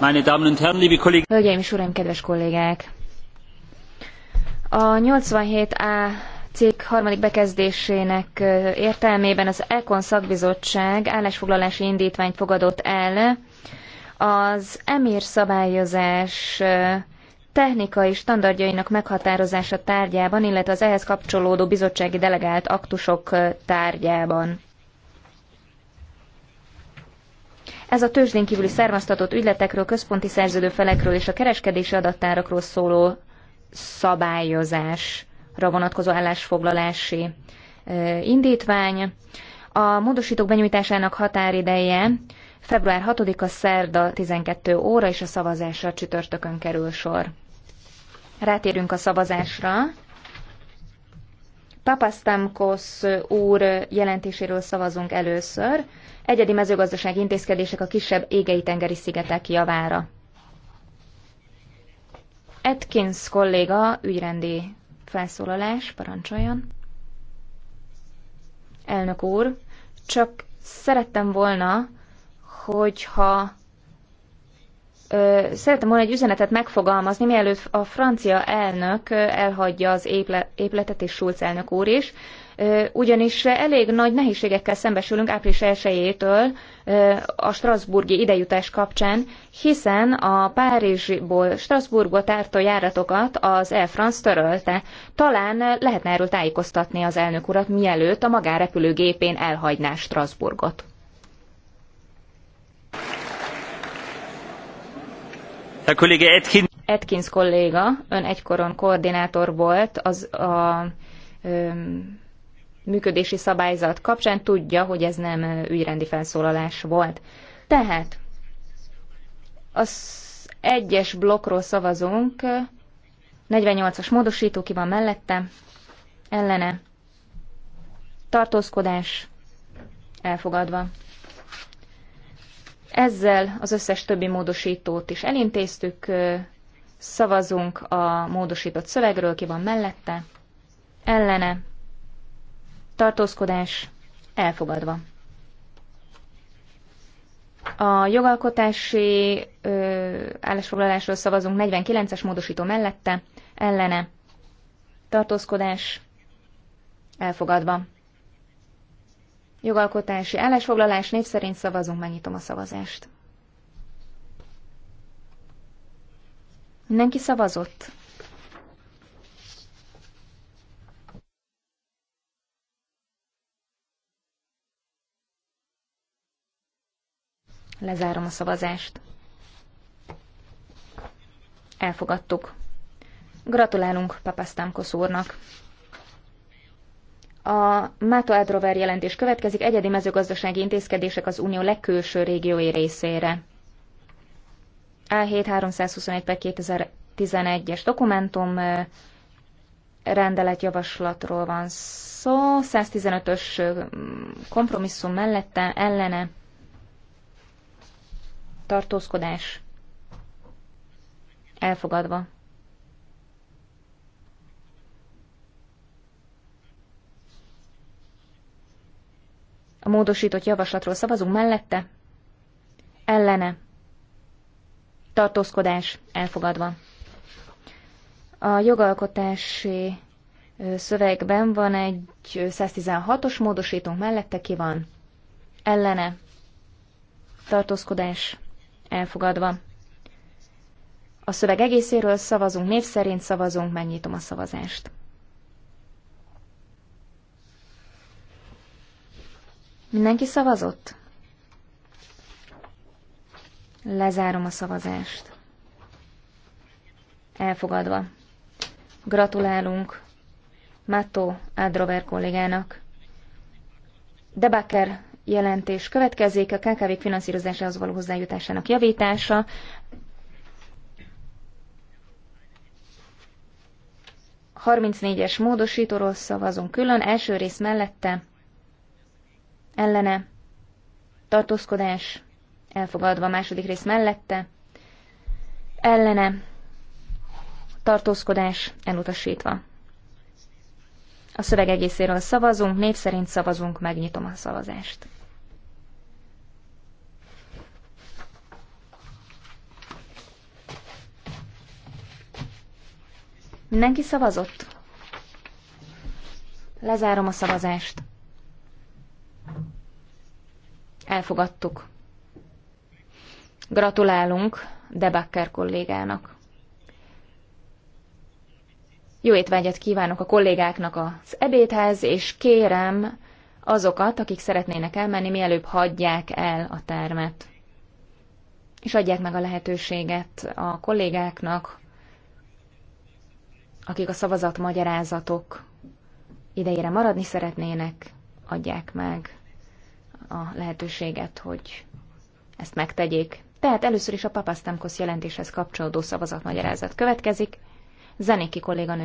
Hölgyeim és uraim, kedves kollégák! A 87A cikk harmadik bekezdésének értelmében az ECON szakbizottság állásfoglalási indítványt fogadott el az EMIR szabályozás technikai standardjainak meghatározása tárgyában, illetve az ehhez kapcsolódó bizottsági delegált aktusok tárgyában. Ez a tőzsdén kívüli származtatott ügyletekről, központi felekről és a kereskedési adattárakról szóló szabályozásra vonatkozó állásfoglalási indítvány. A módosítók benyújtásának határideje február 6-a szerda 12 óra, és a szavazásra csütörtökön kerül sor. Rátérünk a szavazásra. Papasztamkosz úr jelentéséről szavazunk először. Egyedi mezőgazdasági intézkedések a kisebb égei tengeri szigetek javára. Atkins kolléga ügyrendi felszólalás, parancsoljon. Elnök úr, csak szerettem volna, hogyha Szeretem volna egy üzenetet megfogalmazni, mielőtt a francia elnök elhagyja az épületet, és Schulz elnök úr is, ugyanis elég nagy nehézségekkel szembesülünk április 1 a Strasburgi idejutás kapcsán, hiszen a Párizsból Strasbourgba tártó járatokat az Air France törölte. Talán lehetne erről tájékoztatni az elnök urat, mielőtt a magárepülőgépén elhagyná Strasbourgot. Herr Atkins. kolléga, ön egykoron koordinátor volt az a öm, működési szabályzat kapcsán, tudja, hogy ez nem ügyrendi felszólalás volt. Tehát az egyes blokkról szavazunk, 48-as módosító ki van mellette, ellene, tartózkodás, elfogadva. Ezzel az összes többi módosítót is elintéztük, szavazunk a módosított szövegről, ki van mellette, ellene, tartózkodás, elfogadva. A jogalkotási ö, állásfoglalásról szavazunk 49-es módosító mellette, ellene, tartózkodás, elfogadva. Jogalkotási állásfoglalás név szerint szavazunk, megnyitom a szavazást. Mindenki szavazott? Lezárom a szavazást. Elfogadtuk. Gratulálunk Papasztámkosz úrnak! A Mato Adrover jelentés következik egyedi mezőgazdasági intézkedések az Unió legkülső régiói részére. A7 321 per 2011-es dokumentum rendeletjavaslatról van szó, 115-ös kompromisszum mellette ellene tartózkodás elfogadva. A módosított javaslatról szavazunk mellette. Ellene. Tartózkodás elfogadva. A jogalkotási szövegben van egy 116-os módosítónk mellette, ki van? Ellene. Tartózkodás elfogadva. A szöveg egészéről szavazunk, név szerint szavazunk, megnyitom a szavazást. Mindenki szavazott? Lezárom a szavazást. Elfogadva. Gratulálunk Mato Adrover kollégának. Debaker jelentés következik a kkv finanszírozásához való hozzájutásának javítása. Harmincnégyes módosítóról szavazunk külön, első rész mellette ellene, tartózkodás, elfogadva a második rész mellette, ellene, tartózkodás, elutasítva. A szöveg egészéről szavazunk, név szerint szavazunk, megnyitom a szavazást. Mindenki szavazott? Lezárom a szavazást. Elfogadtuk. Gratulálunk Debakker kollégának. Jó étvágyat kívánok a kollégáknak az ebédhez, és kérem azokat, akik szeretnének elmenni, mielőbb hagyják el a termet. És adják meg a lehetőséget a kollégáknak, akik a szavazatmagyarázatok idejére maradni szeretnének, adják meg a lehetőséget, hogy ezt megtegyék. Tehát először is a papasztámkosz jelentéshez kapcsolódó szavazatmagyarázat következik. Zenéki kolléganő